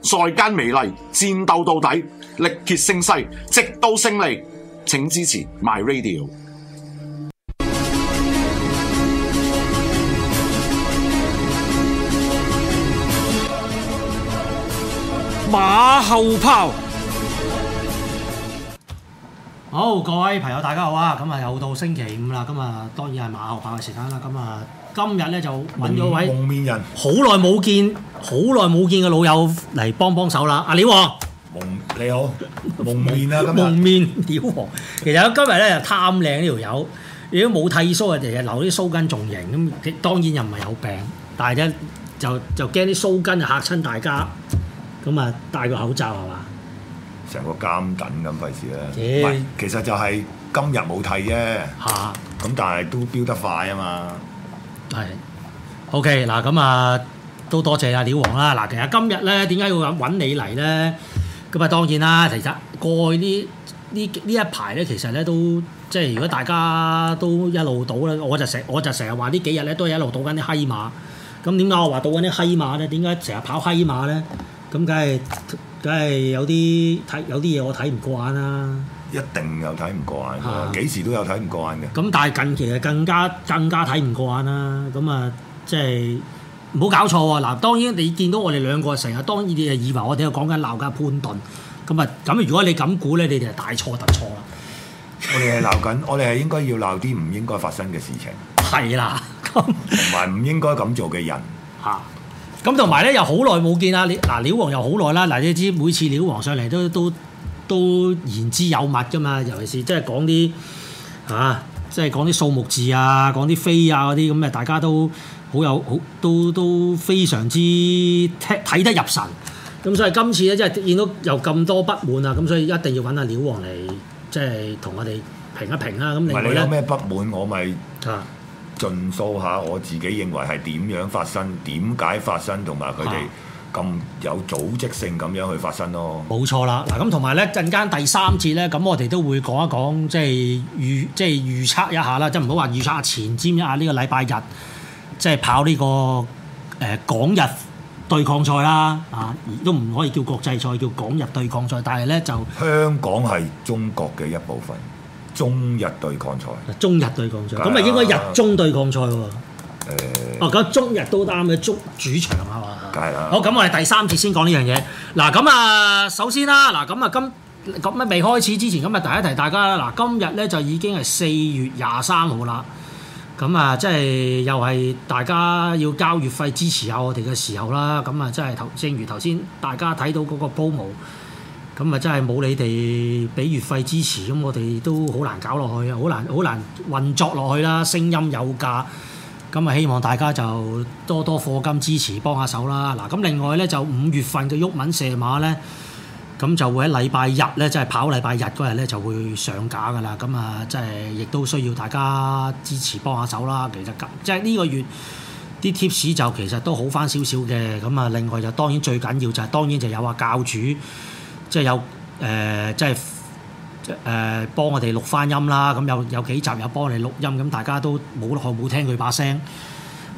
在間美離，戰鬥到底，力竭勝勢，直到勝利。請支持 My Radio。馬後炮。好，各位朋友，大家好啊！咁啊，又到星期五啦，今日當然係馬後炮嘅時間啦，今日。今日咧就揾咗位蒙面人，好耐冇見，好耐冇見嘅老友嚟幫幫手啦，阿、啊、料王蒙你好，蒙面啊蒙 面料王，其實今日咧又貪靚呢條友，如果冇剃鬚啊，日日留啲鬚根仲型，咁當然又唔係有病，但係咧就就驚啲鬚根就嚇親大家，咁啊、嗯、戴個口罩係嘛？成個監緊咁費事啊。其實就係今日冇剃啫，嚇咁但係都飆得快啊嘛～係，OK 嗱，咁啊都多謝阿、啊、料王啦。嗱，其實今日咧，點解要揾你嚟咧？咁啊，當然啦，其實過去呢呢一排咧，其實咧都即係如果大家都一路倒咧，我就成我就成日話呢幾日咧都係一路倒緊啲黑馬。咁點解我話倒緊啲黑馬咧？點解成日跑黑馬咧？咁梗係梗係有啲睇有啲嘢我睇唔過眼啦。一定又睇唔慣，幾的時都有睇唔慣嘅。咁但係近期係更加更加睇唔慣啦。咁啊、就是，即係唔好搞錯喎。嗱，當然你見到我哋兩個成日，當然你係以為我哋係講緊鬧架判斷。咁啊，咁如果你咁估咧，你哋係大錯特錯啦。 我哋係鬧緊，我哋係應該要鬧啲唔應該發生嘅事情。係啦，同埋唔應該咁做嘅人嚇。咁同埋咧，又好耐冇見啊！你嗱，料王又好耐啦。嗱，你知每次料王上嚟都都。都都言之有物噶嘛，尤其是即係講啲嚇，即、啊、係、就是、講啲數目字啊，講啲飛啊嗰啲咁啊，大家都好有好都都非常之睇得入神。咁、嗯、所以今次咧，即係見到有咁多不滿啊，咁所以一定要揾阿料王嚟即係同我哋評一評啦、啊。咁你有咩不滿，我咪啊盡訴下我自己認為係點樣發生、點解發生同埋佢哋。咁有組織性咁樣去發生咯，冇錯啦。嗱咁同埋咧陣間第三節咧，咁我哋都會講一講，即係預即係預測一下啦。即係唔好話預測下前瞻一下呢個禮拜日即係跑呢、呢個誒、呃、港日對抗賽啦。啊，都唔可以叫國際賽，叫港日對抗賽。但係咧就香港係中國嘅一部分，中日對抗賽。中日對抗賽，咁啊應該日中對抗賽喎、啊。誒、欸，哦、啊，咁中日都啱嘅中主場啊。好，咁我哋第三節先講呢樣嘢。嗱，咁啊，首先啦，嗱，咁啊，今咁啊未開始之前，咁啊提一提大家，嗱，今日咧就已經係四月廿三號啦。咁啊，即係又係大家要交月費支持下我哋嘅時候啦。咁啊，即係頭正如頭先大家睇到嗰個波毛，咁啊，真係冇你哋俾月費支持，咁我哋都好難搞落去啊，好難好難運作落去啦，聲音有價。咁啊，希望大家就多多課金支持，幫下手啦。嗱，咁另外咧就五月份嘅鬱文射馬咧，咁就會喺禮拜日咧，即係跑禮拜日嗰日咧就會上架噶啦。咁啊，即係亦都需要大家支持幫下手啦。其實即係呢個月啲貼士就其實都好返少少嘅。咁啊，另外就當然最緊要就係、是、當然就有啊教主，即、就、係、是、有誒，即、呃、係。就是誒、呃、幫我哋錄翻音啦，咁、嗯、有有幾集有幫你錄音，咁、嗯、大家都冇學冇聽佢把聲，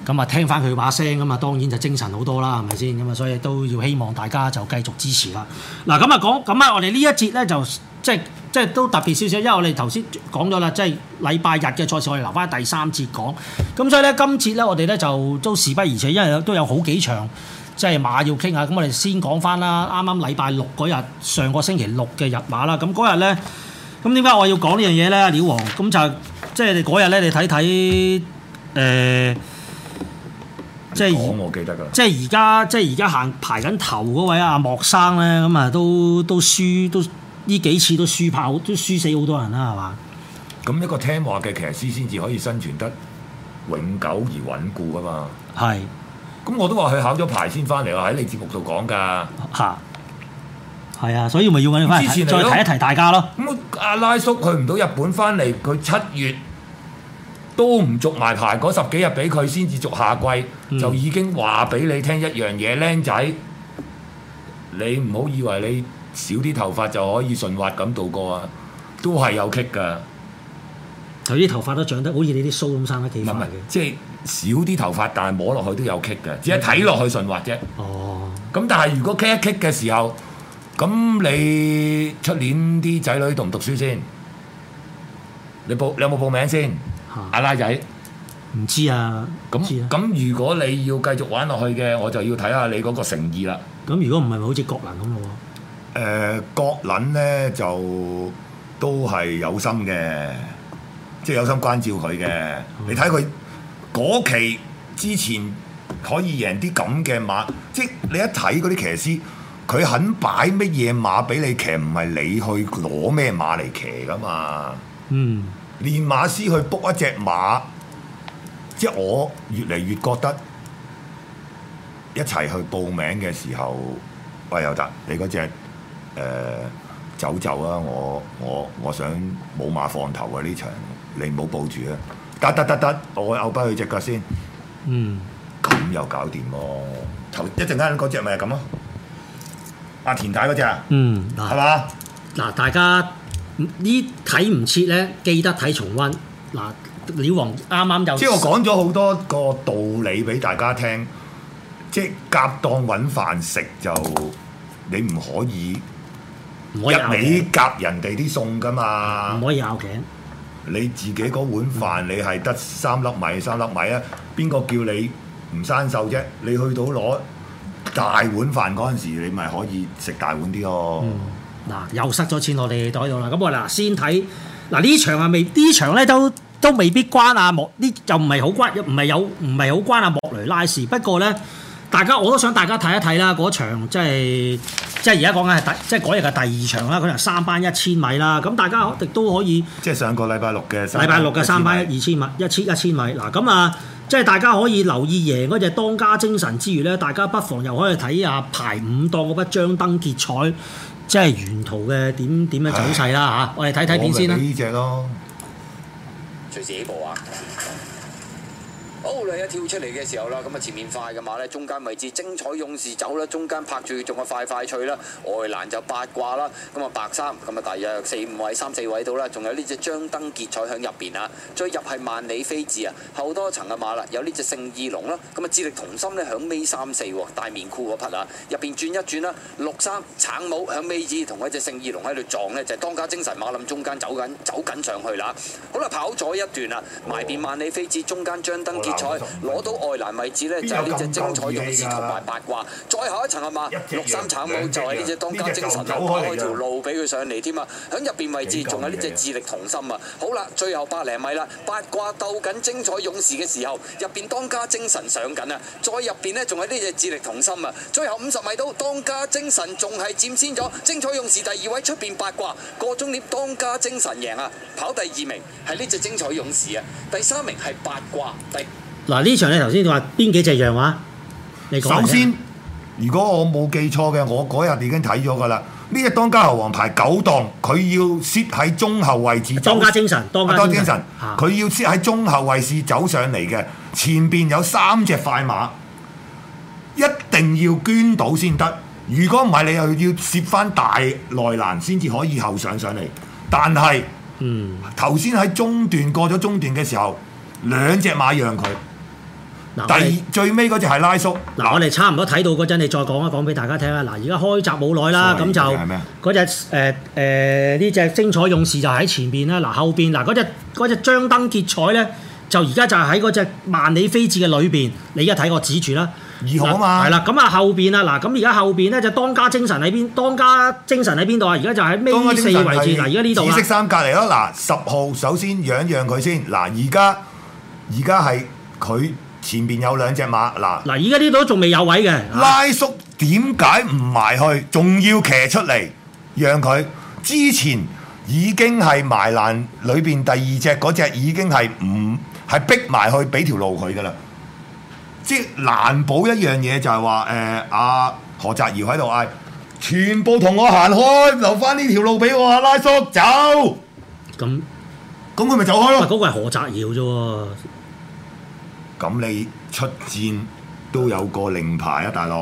咁、嗯、啊聽翻佢把聲，咁、嗯、啊當然就精神好多啦，係咪先？咁、嗯、啊所以都要希望大家就繼續支持啦。嗱、啊，咁啊講，咁啊我哋呢一節咧就即即都特別少少，因為我哋頭先講咗啦，即係禮拜日嘅賽事我哋留翻第三節講，咁、嗯、所以咧今節咧我哋咧就都事不宜遲，因為都有好幾場。即係馬要傾下，咁我哋先講翻啦。啱啱禮拜六嗰日，上個星期六嘅日馬啦。咁嗰日咧，咁點解我要講呢樣嘢咧？料王，咁就即係嗰日咧，你睇睇誒，即、呃、係我記得㗎。即係而家，即係而家行排緊頭嗰位阿、啊、莫生咧，咁啊都都輸都呢幾次都輸炮，都輸死好多人啦，係嘛？咁一個聽話嘅騎師先至可以生存得永久而穩固㗎嘛？係。咁我都話佢考咗牌先翻嚟喎，喺你節目度講噶吓？係啊，啊，所以咪要揾你翻嚟之前再提一提大家咯。咁阿拉叔去唔到日本翻嚟，佢七月都唔續埋牌，嗰十幾日俾佢先至續下季，嗯、就已經話俾你聽一樣嘢，靚仔，你唔好以為你少啲頭髮就可以順滑咁度過啊，都係有棘㗎。佢啲頭髮都長得好似你啲鬚咁生得幾花嘅，即係少啲頭髮，但係摸落去都有棘嘅，只係睇落去順滑啫。哦，咁但係如果棘一棘嘅時候，咁你出年啲仔女讀唔讀書先？你報你有冇報名先？啊、阿拉仔，唔知啊。咁咁那、啊、如果你要繼續玩落去嘅，我就要睇下你嗰個誠意啦。咁如果唔係好似郭倫咁咯。誒，郭倫咧就都係有心嘅。即係有心關照佢嘅，嗯、你睇佢嗰期之前可以贏啲咁嘅馬，即係你一睇嗰啲騎師，佢肯擺乜嘢馬俾你騎，唔係你去攞咩馬嚟騎噶嘛。嗯，練馬師去 book 一隻馬，即係我越嚟越覺得一齊去報名嘅時候，喂，尤達！你嗰隻誒走走啦、啊，我我我想冇馬放頭啊呢場。你唔好抱住啊！得得得得，我咬跛佢隻腳先。嗯，咁又搞掂咯。頭一陣間嗰隻咪係咁咯。阿田大嗰隻啊？嗯，嗱吧，係嘛？嗱，大家呢睇唔切咧，記得睇重溫。嗱、啊，料王啱啱就。即係我講咗好多個道理俾大家聽，即係夾檔揾飯食就你唔可以，唔可以咬。夾人哋啲餸㗎嘛。唔可以咬頸。你自己嗰碗飯你係得三粒米，三粒米啊！邊個叫你唔生鏽啫？你去到攞大碗飯嗰陣時，你咪可以食大碗啲咯。嗱、嗯，又塞咗錢落你袋度啦。咁我嗱先睇嗱呢場係未？場呢場咧都都未必關阿、啊、莫呢就唔係好關唔係有唔係好關阿、啊、莫雷拉事。不過咧。大家我都想大家睇一睇啦，嗰場即係即係而家講緊係第即係嗰日嘅第二場啦，嗰場三班一千米啦，咁大家亦都可以即係上個禮拜六嘅禮拜六嘅三班二千米一千一千米。嗱咁啊，即係大家可以留意贏嗰隻當家精神之餘咧，大家不妨又可以睇下、啊、排五檔嗰筆張燈結彩，即係沿途嘅點樣點樣嘅走勢啦吓的、啊，我哋睇睇片先啦。呢隻咯，隨時起步啊！高利啊！跳出嚟嘅時候啦，咁啊前面快嘅馬呢，中間位置精彩勇士走啦，中間拍住仲係快快脆啦，外欄就八卦啦，咁啊白衫，咁啊大約四五位三四位到啦，仲有呢隻張燈結彩響入邊啊，再入係萬里飛字啊，後多層嘅馬啦，有呢隻聖義龍啦，咁啊致力同心呢，響尾三四大面箍嗰匹啊，入邊轉一轉啦，綠衫橙帽響尾二同嗰隻聖義龍喺度撞呢，就係當家精神馬冧中間走緊走緊上去啦，好啦跑咗一段啦，埋邊萬里飛字中間張燈結。攞到外欄位置呢，就係呢隻精彩勇士同埋八卦，再下一層啊嘛，六三層帽就係呢隻當家精神啊，就開條路俾佢上嚟添啊，響入邊位置仲有呢隻智力同心啊。好啦，最後百零米啦，八卦鬥緊精彩勇士嘅時候，入邊當家精神上緊啊。再入邊呢，仲有呢隻智力同心啊。最後五十米到當家精神仲係佔先咗，精彩勇士第二位，出邊八卦個終點當家精神贏啊，跑第二名係呢隻精彩勇士啊，第三名係八卦第，嗱，呢場你頭先你話邊幾隻讓話？首先，如果我冇記錯嘅，我嗰日已經睇咗㗎喇。呢一當家猴王排九檔，佢要蝕喺中後位置。當家精神，當家精神。佢、啊、要蝕喺中後位置走上嚟嘅，前邊有三隻快馬，一定要捐到先得。如果唔係，你又要蝕翻大內欄先至可以後上上嚟。但係，頭先喺中段過咗中段嘅時候，兩隻馬讓佢。第最尾嗰隻係拉叔。嗱，我哋差唔多睇到嗰陣，你再講一講俾大家聽啊。嗱，而家開閘冇耐啦，咁就嗰隻誒誒呢隻精彩勇士就喺前邊啦。嗱，後邊嗱嗰隻隻張燈結彩咧，就而家就喺嗰隻萬里飛箭嘅裏邊。你而家睇我指住啦，二號嘛，係啦。咁啊後邊啊嗱，咁而家後邊咧就當家精神喺邊？當家精神喺邊度啊？而家就喺咩四位置？嗱，而家呢度紫色衫隔離咯。嗱，十號首先讓一讓佢先。嗱，而家而家係佢。前邊有兩隻馬嗱嗱，而家呢度仲未有位嘅。拉叔點解唔埋去，仲要騎出嚟讓佢？之前已經係埋爛裏邊第二隻嗰隻已經係唔係逼埋去俾條路佢㗎啦？即難保一樣嘢就係話誒，阿、呃、何澤堯喺度嗌，全部同我行開，留翻呢條路俾我，拉叔走。咁咁佢咪走開咯？嗰個係何澤堯啫喎。咁你出戰都有個令牌啊，大佬！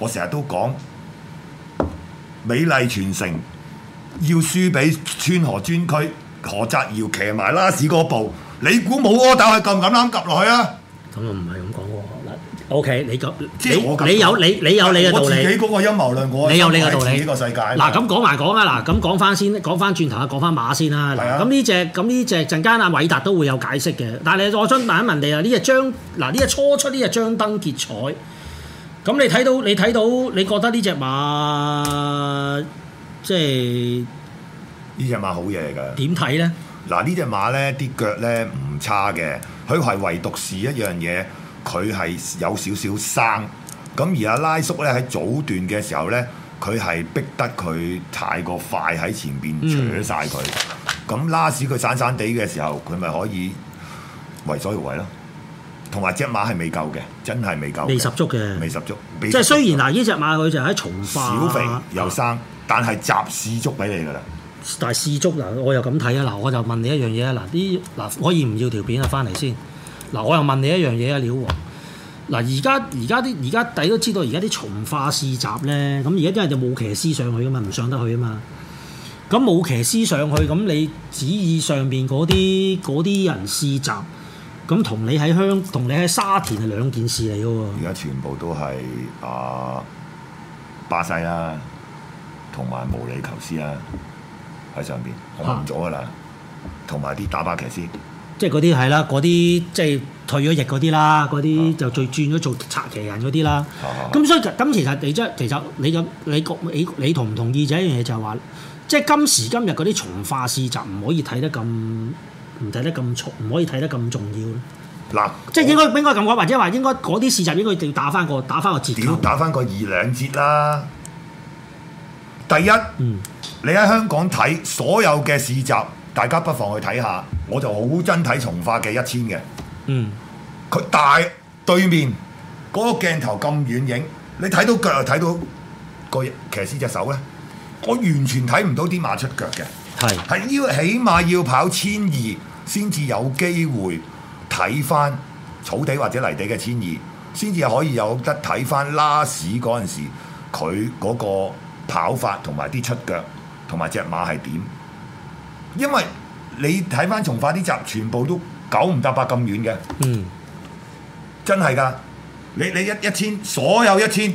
我成日都講美麗傳承要輸俾川河專區，何澤堯騎埋拉屎嗰步，你估冇柯打佢咁唔啱夾落去啊？咁又唔係咁講喎。O、okay, K，你咁，即係我你有你你有你嘅道理，我自己嗰個陰謀論，我你有你嘅道理。呢個世界，嗱咁講埋講啊，嗱咁講翻先，講翻轉頭啊，講翻馬先啦。咁呢隻咁呢隻陣間阿偉達都會有解釋嘅。但係我想問一問你啊，呢隻張嗱呢隻初出呢隻張燈結彩，咁、這個、你睇到你睇到你覺得呢隻馬即係呢隻馬好嘢嚟㗎？點睇咧？嗱呢隻馬咧啲腳咧唔差嘅，佢係唯獨是一樣嘢。佢係有少少生，咁而阿拉叔咧喺早段嘅時候咧，佢係逼得佢太過快喺前邊扯晒佢，咁拉屎佢散散地嘅時候，佢咪可以為所欲為咯。同埋隻馬係未夠嘅，真係未夠，未十足嘅，未十足。即係雖然嗱，呢隻馬佢就喺從化，小肥又生，但係集市足俾你㗎啦。但市足嗱，我又咁睇啊！嗱，我就問你一樣嘢啊！嗱，啲嗱可以唔要條片啊，翻嚟先。嗱，我又問你一樣嘢啊，料王。嗱，而家而家啲而家大家都知道，而家啲從化試閘咧，咁而家啲人就冇騎師上去㗎嘛，唔上得去啊嘛。咁冇騎師上去，咁你旨意上邊嗰啲啲人試閘，咁同你喺香同你喺沙田係兩件事嚟嘅喎。而家全部都係啊，巴西啦、啊，同埋毛里求斯啦、啊，喺上邊，紅咗嘅啦，同埋啲打巴騎師。即係嗰啲係啦，嗰啲即係退咗役嗰啲啦，嗰啲就最轉咗做拆騎人嗰啲啦。咁、嗯嗯嗯、所以咁其實你即係其實你咁你覺你你同唔同意就一樣嘢就係話，即係今時今日嗰啲從化市集唔可以睇得咁唔睇得咁重，唔可以睇得咁重要嗱，啊、即係應該應該咁講，或者話應該嗰啲市集應該要打翻個打翻個折扣。打翻個，個二兩折啦！第一，嗯、你喺香港睇所有嘅市集，大家不妨去睇下。我就好憎睇從化嘅一千嘅，嗯，佢大對面嗰個鏡頭咁遠影，你睇到腳又睇到個騎師隻手咧，我完全睇唔到啲馬出腳嘅，係係要起碼要跑千二先至有機會睇翻草地或者泥地嘅千二，先至可以有得睇翻拉屎嗰陣時佢嗰個跑法同埋啲出腳同埋隻馬係點，因為。你睇翻從化啲集，全部都九唔搭八咁遠嘅，嗯、真係㗎！你你一一千，所有一千，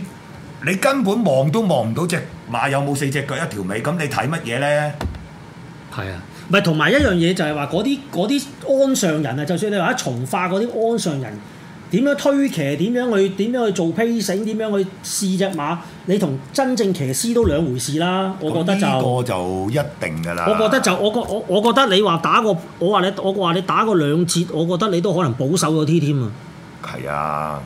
你根本望都望唔到隻馬有冇四隻腳一條尾，咁你睇乜嘢咧？係啊，咪同埋一樣嘢就係話嗰啲嗰啲安上人啊，就算你話喺從化嗰啲安上人。點樣推騎？點樣去？點樣去做披繩？點樣去試隻馬？你同真正騎師都兩回事啦。我覺得就呢個就一定㗎啦。我覺得就我覺我我覺得你話打個我話你我話你打個兩節，我覺得你都可能保守咗啲添啊。係啊，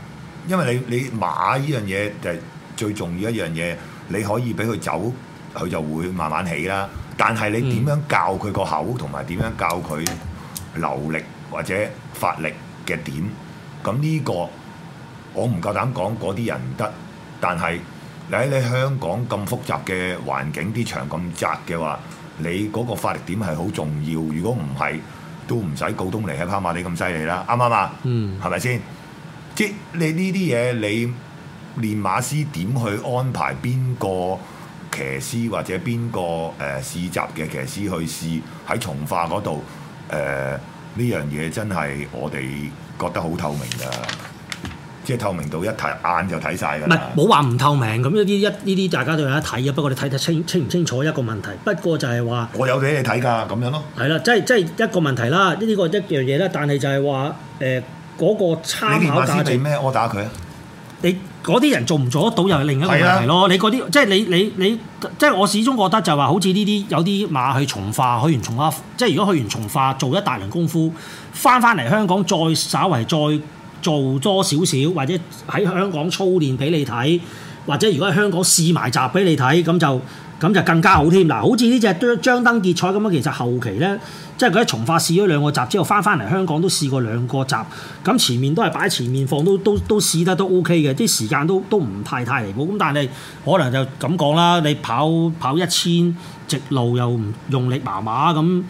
因為你你馬呢樣嘢就係最重要一樣嘢。你可以俾佢走，佢就會慢慢起啦。但係你點樣教佢個口，同埋點樣教佢流力或者發力嘅點？咁呢個我唔夠膽講嗰啲人唔得，但係你喺你香港咁複雜嘅環境，啲場咁窄嘅話，你嗰個發力點係好重要。如果唔係，都唔使告東尼喺跑馬地咁犀利啦，啱唔啱啊？嗯，係咪先？即你呢啲嘢，你練馬師點去安排邊個騎師或者邊個誒、呃、試習嘅騎師去試喺從化嗰度？誒、呃、呢樣嘢真係我哋。覺得好透明㗎，即係透明到一睇眼就睇曬㗎。唔係冇話唔透明，咁一啲一呢啲大家都有一睇嘅。不過你睇得清清唔清楚一個問題。不過就係話，我有俾你睇㗎，咁樣咯。係啦，即係即係一個問題啦，呢、呢個一樣嘢啦。但係就係話，誒、呃、嗰、嗰個參考價。李連茂咩？我打佢啊！你。嗰啲人做唔做得到又係另一個問題咯係、啊。你嗰啲即係你你你，即係我始終覺得就話好似呢啲有啲馬去從化，去完從化，即係如果去完從化做一大輪功夫，翻翻嚟香港再稍為再做多少少，或者喺香港操練俾你睇，或者如果喺香港試埋閘俾你睇，咁就。咁就更加好添嗱，好似呢隻張張燈結彩咁啊，其實後期呢，即係佢喺從化試咗兩個閘之後，翻翻嚟香港都試過兩個閘，咁前面都係擺前面放，都都都試得都 OK 嘅，啲時間都都唔太太離譜。咁但係可能就咁講啦，你跑跑一千直路又唔用力麻麻咁，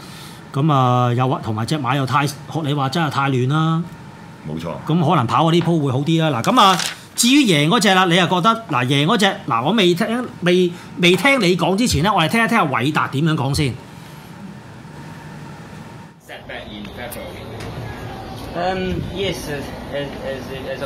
咁啊又同埋隻馬又太學你話真係太亂啦，冇錯。咁可能跑嗰啲鋪會好啲啦。嗱，咁啊。至於贏嗰隻啦，你就覺得嗱贏嗰隻嗱，我未聽未未聽你講之前呢，我哋聽一聽阿韋達點樣講先。Um, yes, as, as, as I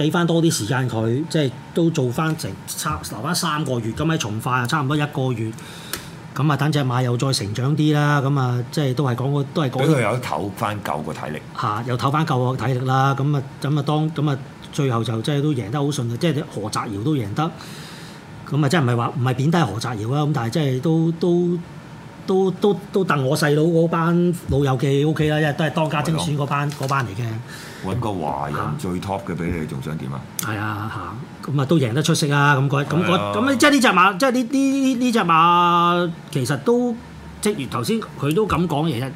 俾翻多啲時間佢，即係都做翻成差留翻三個月，咁喺從化啊差唔多一個月，咁啊等隻馬又再成長啲啦，咁啊即係都係講個都係講。嗰度有唞翻舊個體力。嚇！有唞翻舊個體力啦，咁啊咁啊，當咁啊，最後就即係都贏得好順利，即係何澤堯都贏得，咁啊即係唔係話唔係貶低何澤堯啊？咁但係即係都都。都都都都等我細佬嗰班老友記 O K 啦，因為都係當家精選嗰班、啊、班嚟嘅。揾個華人最 top 嘅俾你，仲想點啊？係啊嚇，咁啊都贏得出色啊！咁嗰咁咁即係呢隻馬，即係呢呢呢隻馬，其實都即如頭先佢都咁講，其實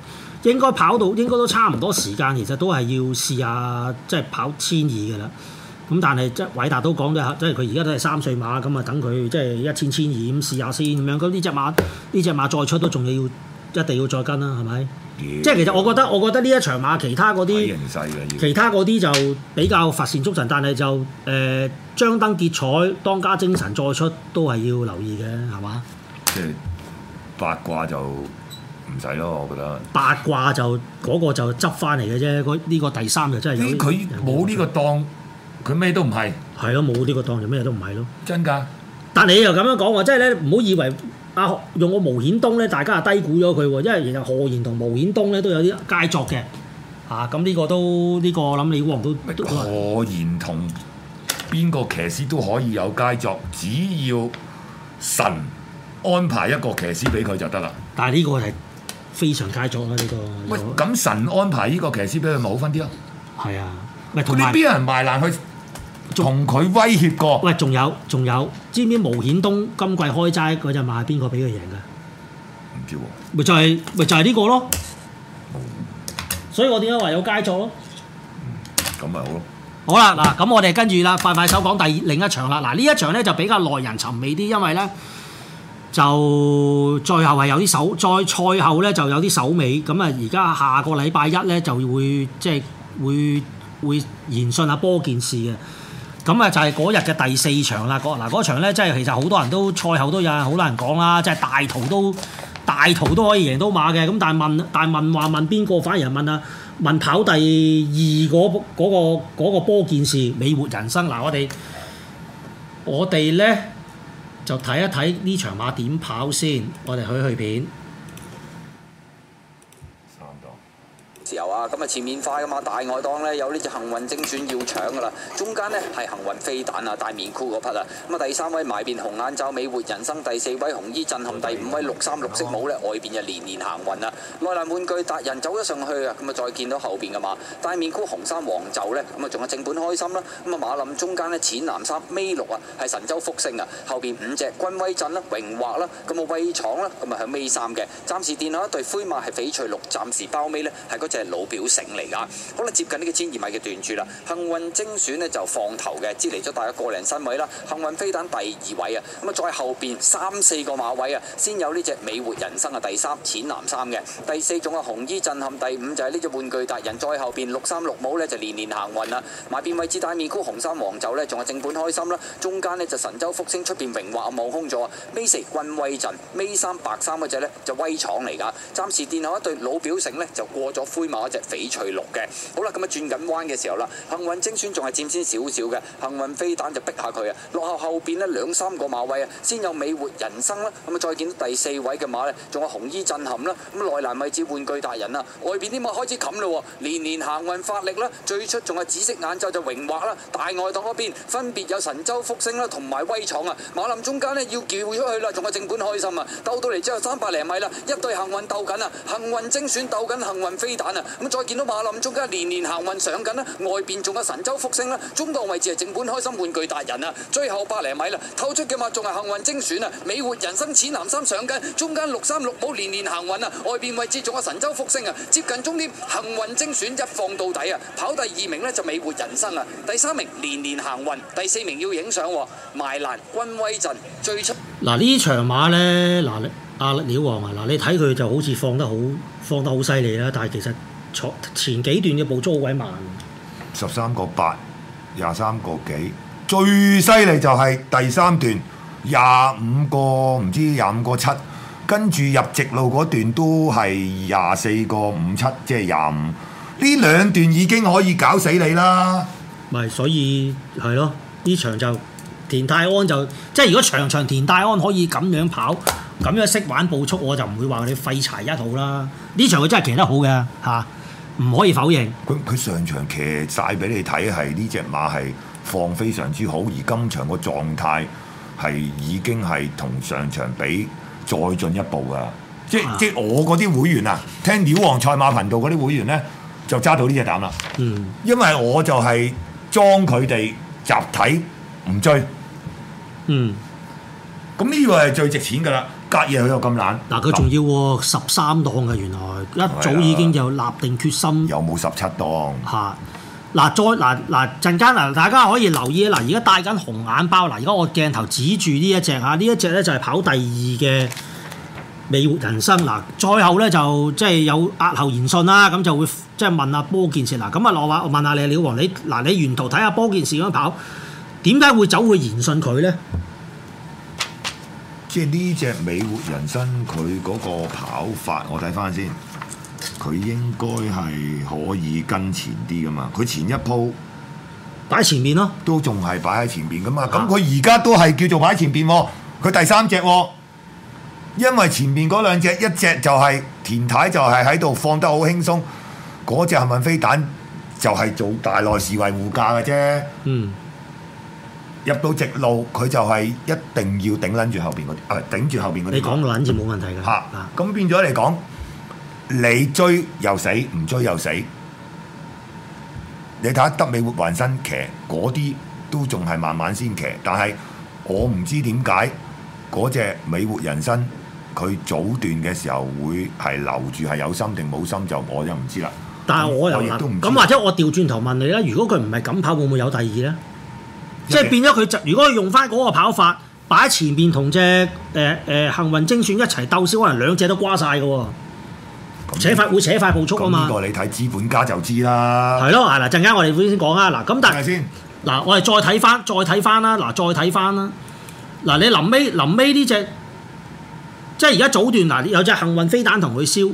應該跑到應該都差唔多時間，其實都係要試下即係、就是、跑千二嘅啦。咁但係即係韋達都講咗，即係佢而家都係三歲馬，咁啊等佢即係一千千二咁試下先咁樣。咁呢隻馬呢隻馬再出都仲要要一定要再跟啦，係咪？Yeah, 即係其實我覺得我覺得呢一場馬其他嗰啲其他嗰啲就比較乏善足陳，但係就誒張燈結彩當家精神再出都係要留意嘅，係嘛？即係八卦就唔使咯，我覺得八卦就嗰、嗰個就執翻嚟嘅啫。呢、呢個第三就真係有。佢冇呢個檔。佢咩都唔係，係咯，冇呢個檔就咩都唔係咯。真㗎的，但你又咁樣講喎，即係咧唔好以為阿、啊、用我毛顯東咧，大家係低估咗佢喎，因為其實賀賢同毛顯東咧都有啲佳作嘅。嚇咁呢個都呢、呢個諗料王、哦、都賀賢同邊個騎師都可以有佳作，只要神安排一個騎師俾佢就得啦。但係呢個係非常佳作啦，呢、呢個。喂，咁神安排呢個騎師俾佢咪好分啲咯？係啊，唔係同埋邊有人賣爛去？同佢威脅過。喂，仲有仲有，知唔知無顯東今季開齋嗰陣買邊個俾佢贏噶？唔知喎、啊就係。咪就係咪就係呢個咯。嗯、所以我點解話有佳作咯？咁咪、嗯、好咯。好啦，嗱，咁我哋跟住啦，快快手講第另一場啦。嗱，呢一場咧就比較耐人尋味啲，因為咧就最後係有啲手，再賽後咧就有啲手尾。咁啊，而家下個禮拜一咧就會即係、就係、會會延訊下波件事嘅。咁啊，就係嗰日嘅第四場啦。嗱嗰場咧，即係其實好多人都賽後都有好多人講啦。即、就、係、是、大圖都大圖都可以贏到馬嘅。咁但問但問話問邊個？反而人問啊問，問跑第二嗰、那、嗰個波、那個那個、件事，美活人生嗱。我哋我哋咧就睇一睇呢場馬點跑先。我哋去去片。由啊，咁啊前面快噶嘛，大外檔呢？有呢隻幸運精選要搶噶啦，中間呢係幸運飛彈啊，大面箍嗰匹啊，咁啊第三位埋便紅眼罩，美活人生，第四位紅衣震撼，第五位綠衫綠色帽呢，外邊就連連行運啊，內難玩具達人走咗上去啊，咁啊再見到後邊噶嘛，大面箍紅衫黃袖呢，咁啊仲係正本開心啦，咁啊馬林中間呢，淺藍衫尾綠啊係神州福星啊，後邊五隻軍威鎮啦，榮華啦，咁啊衛廠啦，咁啊係、啊啊、尾三嘅，暫時掂下一對灰馬係翡翠綠，暫時包尾呢，係嗰隻。老表醒嚟噶，好啦，接近呢個千二米嘅段柱啦。幸運精選呢就放頭嘅，支離咗大概個零身位啦。幸運飛彈第二位啊，咁啊再後邊三四個馬位啊，先有呢隻美活人生啊，第三淺藍衫嘅第四種嘅紅衣震撼，第五就係呢隻玩具達人。再後邊綠衫綠帽呢就年年行運啦。買邊位置戴面箍紅衫黃袖呢仲係正本開心啦。中間呢就神州福星，出邊榮華啊望空咗。m 尾四軍威陣，尾三白衫嗰隻呢就威闖嚟噶。暫時墊後一對老表醒呢就過咗。灰。馬一隻翡翠綠嘅，好啦，咁啊轉緊彎嘅時候啦，幸運精選仲係佔先少少嘅，幸運飛彈就逼下佢啊，落後後邊呢，兩三個馬位啊，先有美活人生啦，咁啊再見到第四位嘅馬呢，仲係紅衣震撼啦，咁內欄位置玩具大人啊，外邊啲馬開始冚咯，年年幸運發力啦，最出仲係紫色眼罩就榮華啦，大外檔嗰邊分別有神州福星啦，同埋威闖啊，馬林中間呢，要叫出去啦，仲係正本開心啊，鬥到嚟之後三百零米啦，一對幸運鬥緊啊，幸運精選鬥緊幸運飛彈。咁再見到馬林中間年年行運上緊啦，外邊仲有神州復星啦，中檔位置係正本開心玩具達人啊，最後百零米啦，透出嘅馬仲係幸運精選啊，美活人生淺藍衫上緊，中間六三六寶年年行運啊，外邊位置仲有神州復星啊，接近終點幸運精選一放到底啊，跑第二名呢就美活人生啊，第三名年年行運，第四名要影相，埋欄軍威陣最出。嗱呢場馬咧嗱。阿鳥王啊！嗱，你睇佢就好似放得好，放得好犀利啦。但係其實坐前幾段嘅步速好鬼慢，十三個八，廿三個幾，最犀利就係第三段廿五個唔知廿五個七，跟住入直路嗰段都係廿四個五七，即係廿五。呢兩段已經可以搞死你啦。咪所以係咯，呢場就田泰安就即係如果場場田泰安可以咁樣跑。咁樣識玩步速，我就唔會話你廢柴一套啦。呢場佢真係騎得好嘅吓，唔可以否認。佢佢上場騎晒俾你睇，係呢隻馬係放非常之好，而今場個狀態係已經係同上場比再進一步㗎，即，即係即係我嗰啲會員啊，聽鳥王賽馬頻道嗰啲會員咧，就揸到呢隻膽啦。嗯，因為我就係裝佢哋集體唔追。嗯，咁呢個係最值錢噶啦。得意佢有咁懶，嗱佢仲要十三檔嘅原來，一的早已經有立定決心，有冇十七檔。嚇！嗱再嗱嗱陣間嗱大家可以留意嗱而家戴緊紅眼包，嗱而家我鏡頭指住呢一隻嚇，呢一隻咧就係跑第二嘅美活人生。嗱最後咧就即係有壓後言順啦，咁就會即係問阿波建設嗱，咁啊我話我問下你料王你嗱你沿途睇下波建設咁跑，點解會走去言順佢咧？即係呢隻美活人生，佢嗰個跑法，我睇翻先看看，佢應該係可以跟前啲噶嘛？佢前一鋪擺喺前面咯，都仲係擺喺前面噶嘛？咁佢而家都係叫做擺喺前面，佢第三隻，因為前面嗰兩隻一隻就係田太就係喺度放得好輕鬆，嗰隻幸運飛彈就係做大內侍衛護駕嘅啫？嗯。入到直路，佢就係一定要頂撚住後邊嗰啲，唔係頂住後邊啲。你講撚住冇問題嘅。嚇、啊！咁、啊、變咗嚟講，你追又死，唔追又死。你睇下得美活人生騎嗰啲都仲係慢慢先騎，但係我唔知點解嗰隻美活人生，佢早段嘅時候會係留住係有心定冇心，就我就唔知啦。但係我又唔咁或者我調轉頭問你啦，如果佢唔係咁跑，會唔會有第二咧？即係變咗佢就，如果佢用翻嗰個跑法，擺喺前面同隻誒誒幸運精選一齊鬥燒，可能兩隻都瓜晒噶。扯快會扯快步速啊嘛。呢個你睇資本家就知啦。係咯，嗱，陣間我哋會先講啊，嗱，咁但係先，嗱，我哋再睇翻，再睇翻啦，嗱，再睇翻啦。嗱，你臨尾臨尾呢隻，即係而家早段嗱，有隻幸運飛彈同佢燒。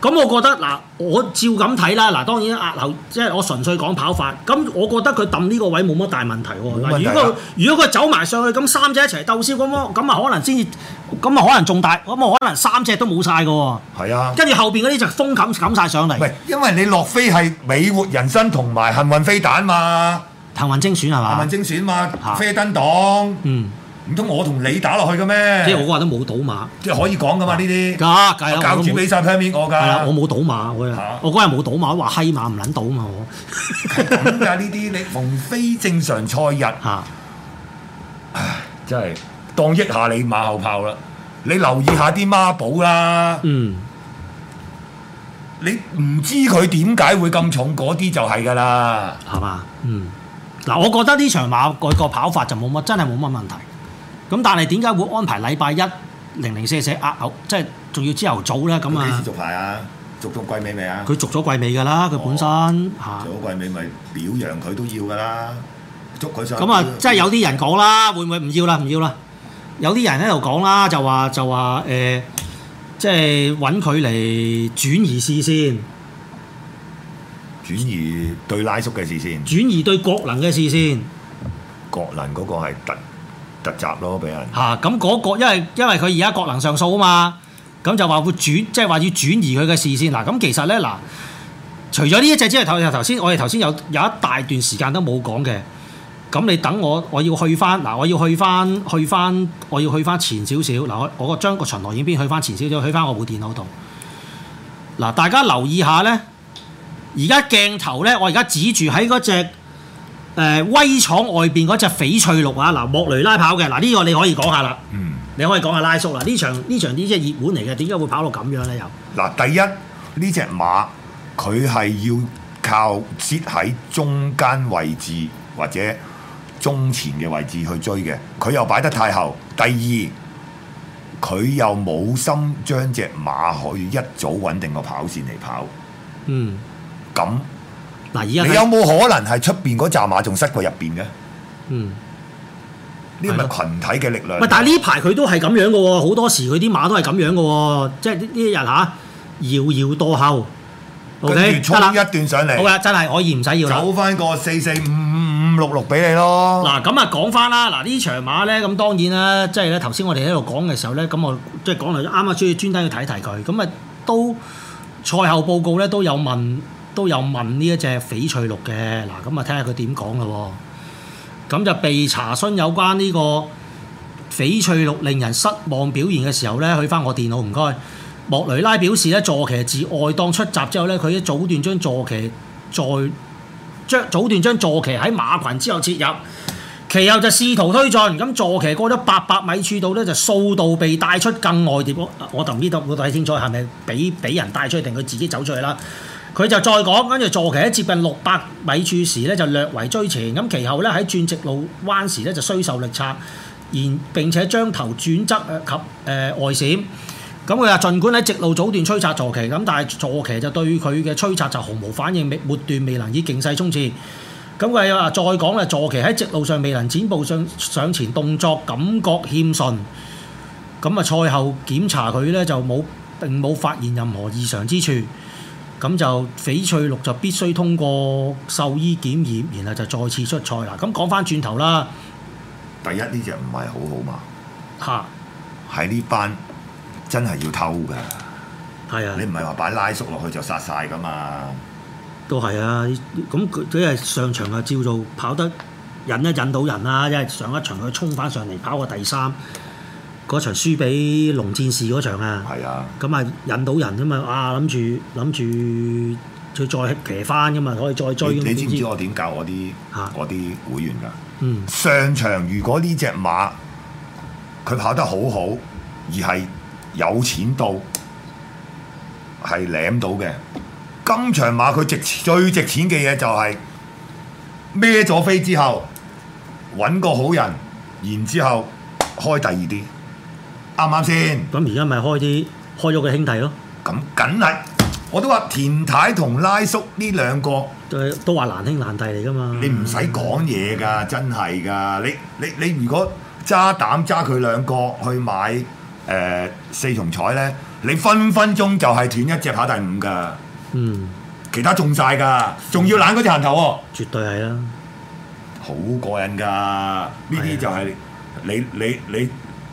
咁我覺得嗱，我照咁睇啦，嗱，當然壓後即係我純粹講跑法。咁我覺得佢抌呢個位冇乜大問題喎。嗱、啊，如果如果佢走埋上去，咁三隻一齊嚟鬥燒，咁咁啊可能先至，咁啊可能仲大，咁啊可能三隻都冇晒㗎喎。啊，跟住後邊嗰啲就風冚冚晒上嚟。唔因為你落飛係美活人生同埋幸運飛彈嘛，幸運精選係嘛？幸運精選嘛，啊、飛登黨。嗯。唔通我同你打落去嘅咩？即係我話都冇賭馬，即係可以講噶嘛？呢啲、嗯，家些教主俾晒 permit 我噶、啊，我冇賭馬嗰日，我嗰日冇賭馬，話閪馬唔捻賭啊嘛！我咁噶呢啲，你唔非正常賽日吓、啊，真係當益下你馬後炮啦。你留意下啲孖寶啦，嗯，你唔知佢點解會咁重，嗰啲就係噶啦，係嘛？嗯，嗱、啊，我覺得呢場馬佢個跑法就冇乜，真係冇乜問題。咁但係點解會安排禮拜一零零四舍壓喉，即係仲要朝頭早咧咁啊？幾時續牌啊？續到季尾未、哦、啊？佢續咗季尾噶啦，佢本身嚇。續到季尾咪表揚佢都要噶啦，捉佢上。咁啊、嗯，嗯、即係有啲人講啦，嗯、會唔會唔要啦？唔要啦。有啲人喺度講啦，就話就話誒，即係揾佢嚟轉移視線。轉移對拉叔嘅視線。轉移對國能嘅視線。國能嗰個係特集咯，俾人嚇咁嗰個，因為因為佢而家各能上訴啊嘛，咁就話會轉，即係話要轉移佢嘅視線嗱。咁其實咧嗱，除咗呢一隻之外，頭頭先我哋頭先有有一大段時間都冇講嘅，咁你等我我要去翻嗱，我要去翻去翻，我要去翻前少少嗱，我我將個巡邏影片去翻前少少，去翻我部電腦度。嗱，大家留意下咧，而家鏡頭咧，我而家指住喺嗰隻。誒、呃、威廠外邊嗰隻翡翠綠啊，嗱莫雷拉跑嘅，嗱呢、這個你可以講下啦，嗯，你可以講下拉叔。嗱呢場呢場呢隻熱門嚟嘅，點解會跑到咁樣呢？又嗱，第一呢隻馬佢係要靠坐喺中間位置或者中前嘅位置去追嘅，佢又擺得太後。第二佢又冇心將隻馬可以一早穩定個跑線嚟跑，嗯，咁。嗱，而家你有冇可能係出邊嗰紮馬仲塞過入邊嘅？嗯，呢個係群體嘅力量。但係呢排佢都係咁樣嘅喎，好多時佢啲馬都係咁樣嘅喎，即係呢一日嚇、啊、遙遙多後，O K 得啦。一段上嚟，好嘅，真係可以唔使要，走翻個四四五五五六六俾你咯。嗱，咁啊講翻啦，嗱呢場馬咧，咁當然啦，即係咧頭先我哋喺度講嘅時候咧，咁我即係講嚟啱啱所以專登去睇一睇佢，咁啊都賽後報告咧都有問。都有問呢一隻翡翠綠嘅。嗱，咁啊睇下佢點講咯。咁就被查詢有關呢個翡翠綠令人失望表現嘅時候呢，去翻我電腦唔該。莫雷拉表示呢坐騎自外檔出閘之後呢，佢一早段將坐、坐騎在將早段將坐騎喺馬群之後切入，其後就試圖推進。咁坐騎過咗八百米處度呢，就數度被帶出更外碟。我同呢度會睇清楚係咪俾俾人帶出去定佢自己走出去啦。佢就再講，跟住坐騎喺接近六百米處時咧，就略為追前，咁其後咧喺轉直路彎時咧，就須受力拆，然並且將頭轉側及誒外閃。咁佢話，儘管喺直路早段催策坐騎，咁但係坐騎就對佢嘅催策就毫無反應，末段未能以勁勢衝刺。咁佢又話，再講啦，坐騎喺直路上未能展步上上前，動作感覺欠順。咁啊，賽後檢查佢咧就冇並冇發現任何異常之處。咁就翡翠綠就必須通過獸醫檢驗，然後就再次出賽啦。咁講翻轉頭啦，第一呢隻唔係好好嘛。嚇，喺呢班真係要偷㗎。係啊，你唔係話擺拉縮落去就殺晒㗎嘛？都係啊。咁佢即係上場就照做，跑得引一引到人啦、啊。因為上一場佢衝翻上嚟跑過第三。嗰場輸俾龍戰士嗰場啊，咁係啊，引到人咁嘛，啊諗住諗住再再騎翻咁嘛，可以再追。你，你知唔知我點教我啲、啊、我啲會員噶？嗯、上場如果呢隻馬佢跑得好好，而係有錢到係舐到嘅，今場馬佢值最值錢嘅嘢就係孭咗飛之後揾個好人，然之後開第二啲。啱啱先？咁而家咪開啲開咗個兄弟咯。咁梗係，我都話田太同拉叔呢兩個都話難兄難弟嚟噶嘛。你唔使講嘢㗎，嗯、真係㗎。你你你如果揸膽揸佢兩個去買誒、呃、四重彩咧，你分分鐘就係斷一隻跑第五㗎。嗯，其他中晒㗎，仲要攬嗰隻行頭。絕對係啦，好過癮㗎。呢啲的就係你你你。你你你你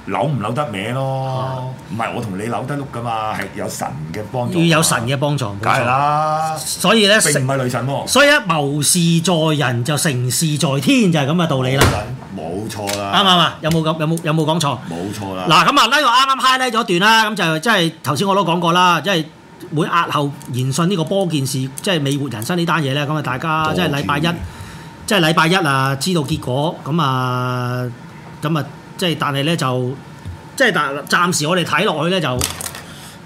扭唔扭得歪咯，唔係我同你扭得碌噶嘛，係有神嘅幫助。要有神嘅幫助，梗係啦。所以咧，成唔係女神喎。所以咧，謀事在人就成事在天就係咁嘅道理啦。冇錯，冇錯啦。啱唔啱啊？有冇咁？有冇有冇講錯？冇錯啦。嗱咁啊，拉我啱啱 highlight 咗一段啦，咁就即係頭先我都講過啦，即係會押後言信呢個波件事，即係美活人生呢單嘢咧。咁啊，大家即係了禮拜一，即係禮拜一啊，知道結果咁啊，咁啊。即係，但係咧就，即係暫暫時我哋睇落去咧就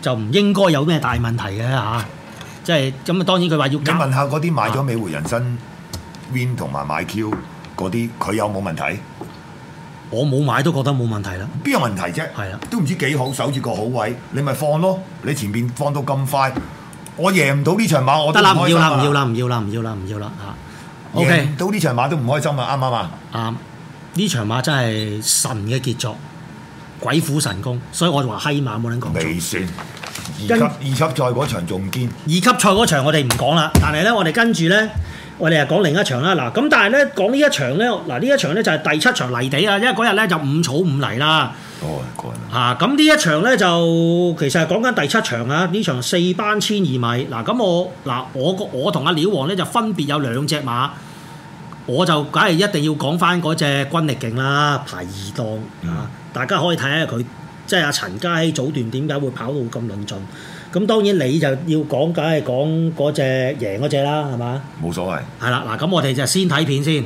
就唔應該有咩大問題嘅嚇、啊。即係咁啊，當然佢話要。你問下嗰啲買咗美匯人生 Win 同埋買 Q 嗰啲，佢有冇問題？我冇買都覺得冇問題啦。邊有問題啫？係啦、啊，都唔知幾好守住個好位，你咪放咯。你前邊放到咁快，我贏唔到呢場馬，我都唔開心啦。唔要啦，唔要啦，唔要啦，唔要啦，唔要啦。啊，okay，贏到呢場馬都唔開心啊，啱唔啱啊？啱、嗯。呢場馬真係神嘅傑作，鬼斧神工，所以我就話閪馬冇得講。未算，二級二級賽嗰場仲堅。二級賽嗰場我哋唔講啦，但係咧我哋跟住咧，我哋又講另一場啦。嗱，咁但係咧講呢一場咧，嗱呢一場咧就係第七場泥地啊，因為嗰日咧就五草五泥啦。哦，過啦。啊，咁呢一場咧就其實係講緊第七場啊，呢場四班千二米。嗱，咁我嗱我我同阿料王咧就分別有兩隻馬。我就梗係一定要講翻嗰隻軍力勁啦，排二檔、嗯、啊！大家可以睇下佢，即係阿陳家熙組段點解會跑到咁論盡咁。當然你就要講，梗係講嗰隻贏嗰隻啦，係嘛？冇所謂。係啦，嗱咁我哋就先睇片先。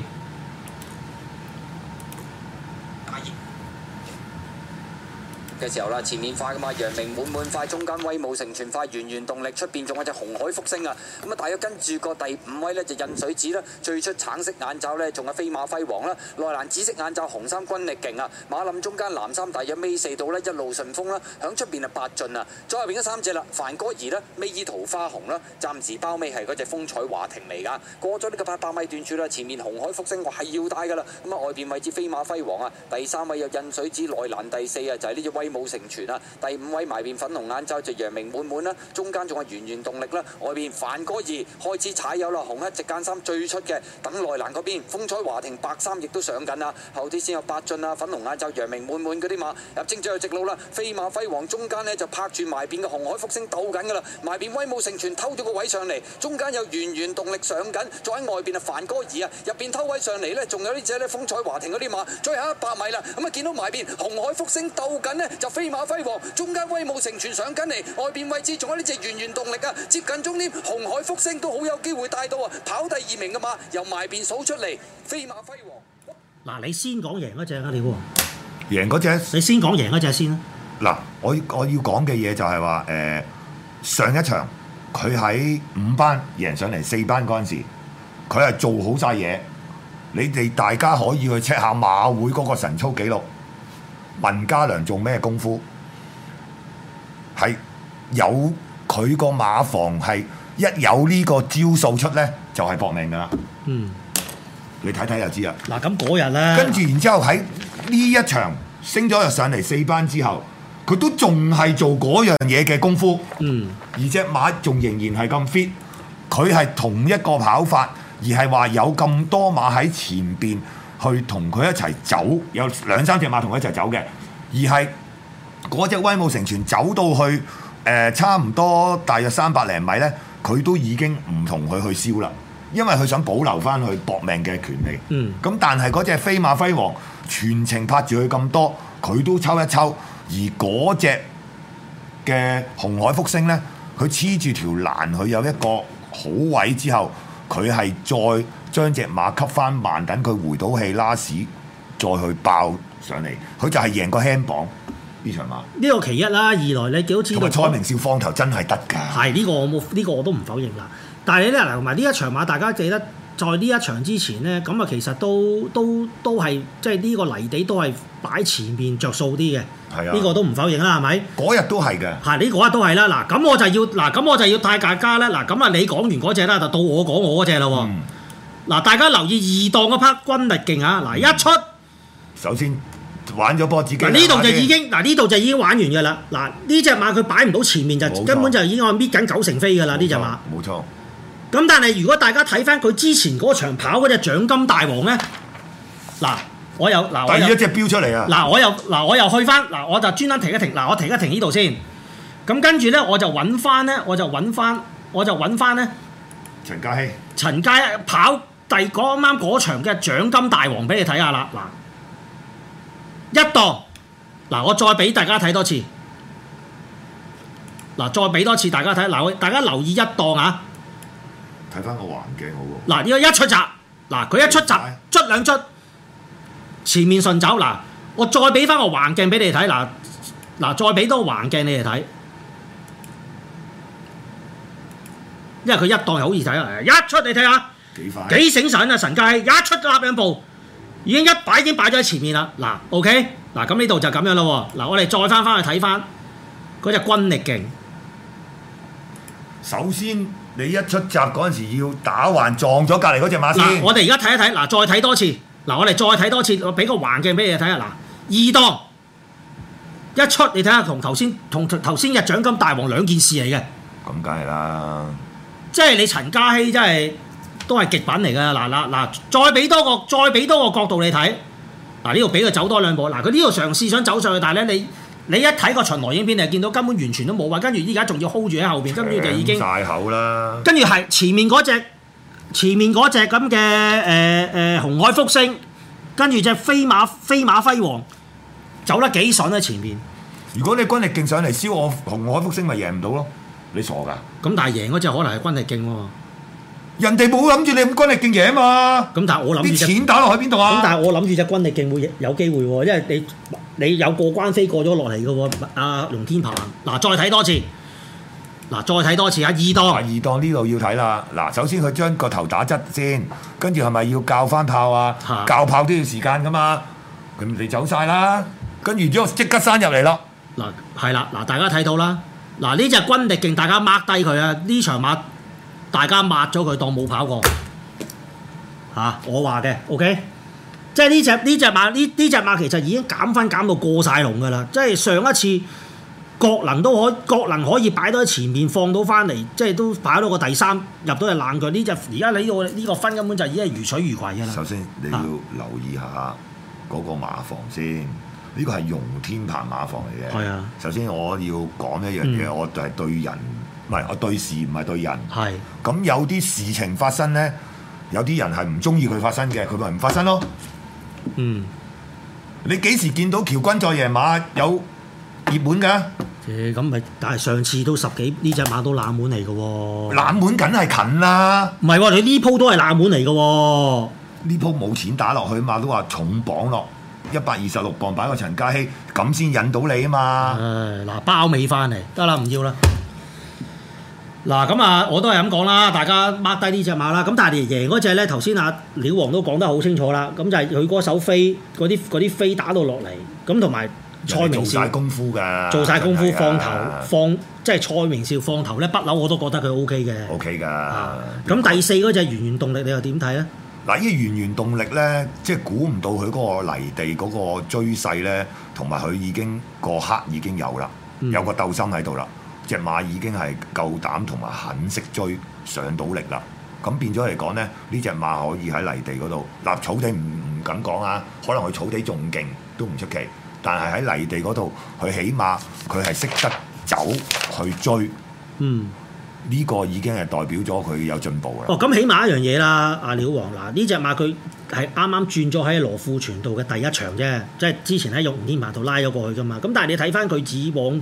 嘅時候啦，前面快噶嘛，陽明滿滿快，中間威武成全快，圓圓動力出邊仲有隻紅海福星啊！咁、嗯、啊，大約跟住個第五位呢就印水子啦，最出橙色眼罩呢，仲有飛馬輝煌啦、啊，內欄紫色眼罩紅三軍力勁啊，馬冧中間藍三大約尾四度呢，一路順風啦，響出邊啊八進啊，再入、啊、邊嗰三隻啦，梵哥兒啦，尾二桃花紅啦、啊，暫時包尾係嗰隻風彩華庭嚟噶，過咗呢個八百米段處啦，前面紅海福星我係要帶噶啦，咁、嗯、啊外邊位置飛馬輝煌啊，第三位又印水子內欄第四啊，就係呢隻威。威武成全啊！第五位埋邊粉紅眼罩就揚名滿滿啦，中間仲係圓圓動力啦，外邊凡哥兒開始踩油啦，紅黑直間衫最出嘅，等內欄嗰邊風采華庭白衫亦都上緊啦，後邊先有八駿啊、粉紅眼罩、揚名滿滿嗰啲馬入正正嘅直路啦，飛馬輝煌中間呢就拍住埋邊嘅紅海福星鬥緊噶啦，埋邊威武成全偷咗個位上嚟，中間有圓圓動力上緊，再喺外邊啊凡哥兒啊入邊偷位上嚟呢仲有呢隻呢風采華庭嗰啲馬，最後一百米啦，咁啊見到埋邊紅海福星鬥緊呢。飛馬輝煌，中間威武成全上緊嚟，外邊位置仲有呢隻源源動力啊！接近終點，紅海福星都好有機會帶到啊！跑第二名嘅馬由埋邊數出嚟，飛馬輝煌。嗱，你先講贏嗰隻啊，你贏嗰隻，你先講贏嗰隻先啦。嗱，我我要講嘅嘢就係話，誒、呃，上一場佢喺五班贏上嚟四班嗰陣時，佢係做好晒嘢。你哋大家可以去 check 下馬會嗰個神操紀錄。文家良做咩功夫？係有佢個馬房係一有呢個招數出呢，就係、是、搏命噶啦。嗯，你睇睇就知啦。嗱、啊，咁嗰日呢，跟住然之後喺呢一場升咗又上嚟四班之後，佢都仲係做嗰樣嘢嘅功夫。嗯，而隻馬仲仍然係咁 fit，佢係同一個跑法，而係話有咁多馬喺前邊。去同佢一齊走，有兩三隻馬同佢一齊走嘅，而係嗰隻威武成全走到去誒、呃、差唔多大約三百零米呢，佢都已經唔同佢去燒啦，因為佢想保留返佢搏命嘅權利。嗯，咁但係嗰隻飛馬輝煌全程拍住佢咁多，佢都抽一抽，而嗰隻嘅紅海福星呢，佢黐住條欄，佢有一個好位之後。佢係再將隻馬吸翻慢，等佢回到氣拉屎，再去爆上嚟。佢就係贏個輕磅呢場馬。呢個其一啦，二來你幾多錢？同埋蔡明紹放頭真係得㗎。係呢個我冇，呢個我都唔否認啦。但係咧，嗱同埋呢一場馬，大家記得在呢一場之前咧，咁啊其實都都都係即係呢個泥地都係。擺前面着數啲嘅，呢、啊、個都唔否認啦，係咪？嗰日都係嘅。係呢個都係啦。嗱，咁我就要嗱，咁我就要帶大家咧。嗱，咁啊，你講完嗰隻啦，就到我講我嗰隻咯。嗱、嗯，大家留意二檔嗰匹軍力勁啊！嗱、啊，一出首先玩咗波子機，嗱呢度就已經嗱呢度就已經玩完嘅啦。嗱呢隻馬佢擺唔到前面就冇錯，根本就已經可搣緊九成飛嘅啦呢隻馬。冇錯。咁冇錯，但係如果大家睇翻佢之前嗰場跑嗰隻獎金大王咧，嗱、啊。啊啊啊啊我又嗱，第二隻標出嚟啊！嗱，我又嗱，我又去翻嗱，我就專登停一停。嗱，我停一停呢度先。咁跟住咧，我就揾翻咧，我就揾翻，我就揾翻咧。陳家希。陳家跑第嗰啱啱嗰場嘅獎金大王俾你睇下啦。嗱，一檔嗱，我再俾大家睇多次。嗱，再俾多次大家睇。嗱，大家留意一檔啊。睇翻個環境好喎。嗱，呢、呢個一出閘嗱，佢一出閘捽、啊、兩捽。前面順走嗱，我再畀翻個橫鏡俾你哋睇嗱嗱，再畀多個橫鏡你哋睇，因為佢一檔係好易睇啊！一出你睇下幾快幾醒神啊！神雞一出就立兩步，已經一擺已經擺咗喺前面啦。嗱 OK 嗱，咁呢度就咁樣咯喎。嗱，我哋再翻翻去睇翻嗰隻軍力勁。首先，你一出閘嗰陣時要打橫撞咗隔離嗰隻馬先。我哋而家睇一睇嗱，再睇多次。嗱，我哋再睇多次，我畀個環境畀你睇下。嗱，二當一出，你睇下同頭先同頭先嘅獎金大王兩件事嚟嘅。咁梗係啦。即係你陳嘉熙真係都係極品嚟嘅。嗱嗱嗱，再畀多個再畀多個角度你睇。嗱，呢度俾佢走多兩步。嗱，佢呢度嘗試想走上去，但係咧你你一睇個巡邏影片，你就見到根本完全都冇話，跟住而家仲要 hold 住喺後邊，跟住就已經大口啦。跟住係前面嗰隻。前面嗰隻咁嘅誒誒紅海福星，跟住隻飛馬飛馬輝煌走得幾爽咧、啊？前面如果你軍力勁上嚟燒我紅海福星，咪贏唔到咯？你傻噶？咁但係贏嗰隻可能係軍力勁喎、啊，人哋冇諗住你咁軍力勁贏嘛？咁但係我諗啲錢打落去邊度啊？咁但係我諗住隻軍力勁會有機會喎、啊，因為你你有過關飛過咗落嚟嘅喎，阿龍天鵬嗱，再睇多次。嗱，再睇多次啊！二檔，二檔呢度要睇啦。嗱，首先佢將個頭打側先，跟住係咪要較返炮啊？較、啊、炮都要時間噶嘛。咁你走晒啦，跟住之後即刻閂入嚟咯。嗱、啊，係啦，嗱，大家睇到啦。嗱，呢隻軍力勁，大家 mark 低佢啊！呢場馬，大家抹咗佢當冇跑過。嚇、啊，我話嘅，OK？即係呢隻呢隻馬呢呢隻馬其實已經減分減到過晒龍噶啦，即係上一次。各能都可以，各能可以擺到喺前面，放到翻嚟，即係都擺到個第三入到去冷局。呢隻而家喺呢個分根本就已經如水如鉢啦。首先你要留意下嗰個馬房先，呢個係容天鵬馬房嚟嘅。係是啊。首先我要講一樣嘢，嗯、我係對人，唔係我對事，唔係對人。係。咁有啲事情發生呢，有啲人係唔中意佢發生嘅，佢咪唔發生咯。嗯。你幾時見到喬軍在野馬有？熱門㗎，咁咪、嗯？但係上次都十幾呢隻馬都冷門嚟㗎喎。冷門梗係近啦，唔係喎，你呢鋪都係冷門嚟㗎喎。呢鋪冇錢打落去嘛，馬都話重磅落一百二十六磅，擺個陳家希咁先引到你啊嘛。誒嗱、哎，包尾翻嚟得啦，唔要啦。嗱咁啊，我都係咁講啦，大家掹低呢隻馬啦。咁但係贏嗰隻咧，頭先阿料王都講得好清楚啦。咁就係佢嗰手飛嗰啲啲飛打到落嚟，咁同埋。蔡明少功夫㗎，做晒功夫，放頭，放即係蔡明少放頭咧，不嬲我都覺得佢 O K 嘅。O K 㗎，咁是來第四嗰隻圓圓動力你又點睇啊？嗱，呢個圓圓動力咧，即係估唔到佢嗰個泥地嗰個追勢咧，同埋佢已經個黑已經有啦，有個鬥心喺度啦，隻馬已經係夠膽同埋肯識追上到力啦。咁變咗嚟講咧，呢隻馬可以喺泥地嗰度，嗱草地唔唔敢講啊，可能佢草地仲勁都唔出奇。但係喺泥地嗰度，佢起碼佢係識得走去追，嗯，呢個已經係代表咗佢有進步、哦、啦。哦、啊，咁起碼一樣嘢啦，阿料王嗱，呢隻馬佢係啱啱轉咗喺羅富全道嘅第一場啫，即係之前喺玉天馬道拉咗過去噶嘛，咁但係你睇翻佢指往。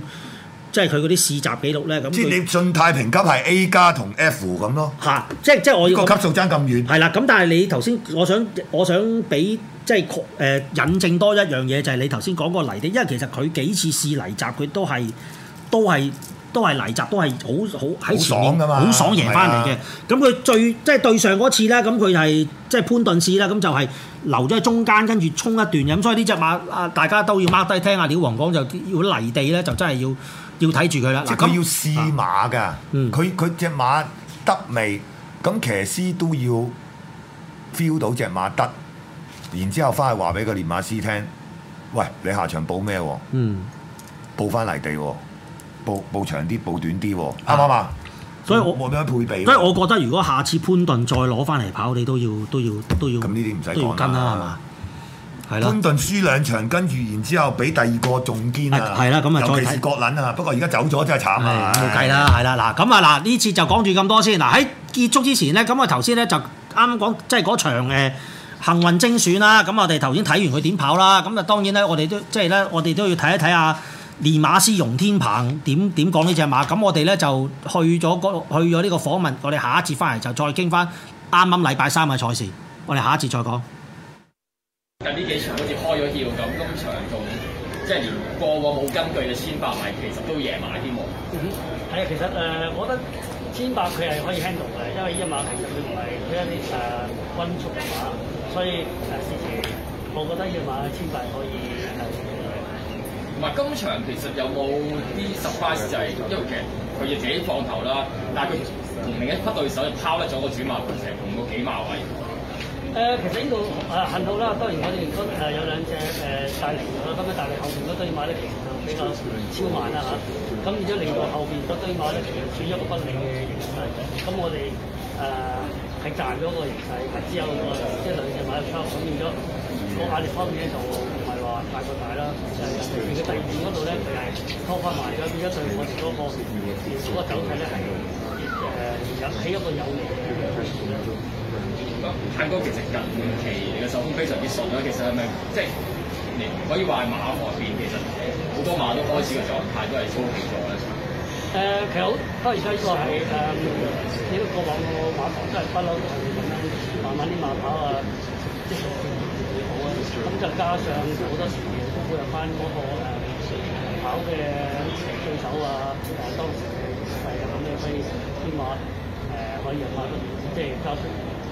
即係佢嗰啲試閘記錄咧，咁即係你信太評級係 A 加同 F 咁咯。嚇、啊！即係即係我要個級數爭咁遠。係啦，咁但係你頭先我想我想俾即係誒、呃、引證多一樣嘢，就係、是、你頭先講個泥地，因為其實佢幾次試泥閘，佢都係都係都係泥閘，都係好好喺前面爽㗎嘛，好爽贏翻嚟嘅。咁佢是的 最即係對上嗰次咧，咁佢係即係潘頓試啦，咁就係留咗喺中間，跟住衝一段咁。所以呢隻馬啊，大家都要 mark 低聽啊！料王講就要泥地咧，就真係要。要睇住佢啦，佢要試馬㗎，佢佢隻馬得未？咁、嗯、騎師都要 feel 到隻馬得，然之後翻去話俾個練馬師聽：喂，你下場報咩？嗯，報翻嚟地，報報長啲，報短啲，啱唔啱啊？吧所以我冇咩配備。所以我覺得如果下次潘頓再攞翻嚟跑，你都要都要都要咁呢啲唔使講啦，係嘛？係啦，潘頓輸兩場跟住然之後，比第二個仲堅啊，係啦，咁啊，尤其是郭撚啊，不過而家走咗真係慘啊，係啦，係啦，嗱的，咁啊，嗱，呢次就講住咁多先，嗱，喺結束之前咧，咁我頭先咧就啱啱講，即係嗰場誒幸運精選啦，咁我哋頭先睇完佢點跑啦，咁啊，當然咧、就是，我哋都即係咧，我哋都要睇一睇啊，練馬師容天鵬點點講呢隻馬，咁我哋咧就去咗度，去咗呢個訪問，我哋下一節翻嚟就再傾翻啱啱禮拜三嘅賽事，我哋下一節再講。但呢幾場好似開咗竅咁，今場仲即係連個個冇根據嘅千百米其實都夜馬添喎。係啊，其實誒，我覺得千百佢係可以 handle 嘅，因為一馬其實佢唔係佢一啲誒均速嘅馬，所以誒司徒，我覺得要買千百可以。同、嗯、埋今場其實有冇啲 surprise、嗯、就係因為佢要自己放頭啦，但係佢同另一匹對手又拋甩咗個主馬盤成個幾馬位。誒、呃、其實呢度誒幸好啦，當然我哋嗰誒有兩隻誒、呃、大力咗啦，咁啲大力後邊嗰堆馬咧其實就比較超慢啦嚇，咁、啊、而且令到後邊嗰堆馬咧其實轉一個分離嘅型態嘅，咁、啊、我哋誒係賺咗一個形勢，之後即兩隻馬到收，咁變咗個壓力方面咧就唔係話太過大啦，誒、啊，而佢第二段嗰度咧佢係拖翻埋咗，變咗對我哋嗰、這個嗰、這個走勢咧係誒仍起一個有利嘅。啊。泰哥其實近期嘅手風非常之順啦，其實係咪即係你可以話係馬外邊？其實好多馬都開始嘅狀態都係升級狀態啦。誒、呃，其實好，當然，而家呢個係誒，嗯嗯、因為過往個馬房真係不嬲都係咁樣，慢慢啲馬跑啊，即係幾好啊。咁、嗯、就加上好多時加入翻嗰個誒、嗯、跑嘅對手啊，誒當時嘅細膽嘅飛啲馬誒可以入馬嗰邊、呃就是，即係交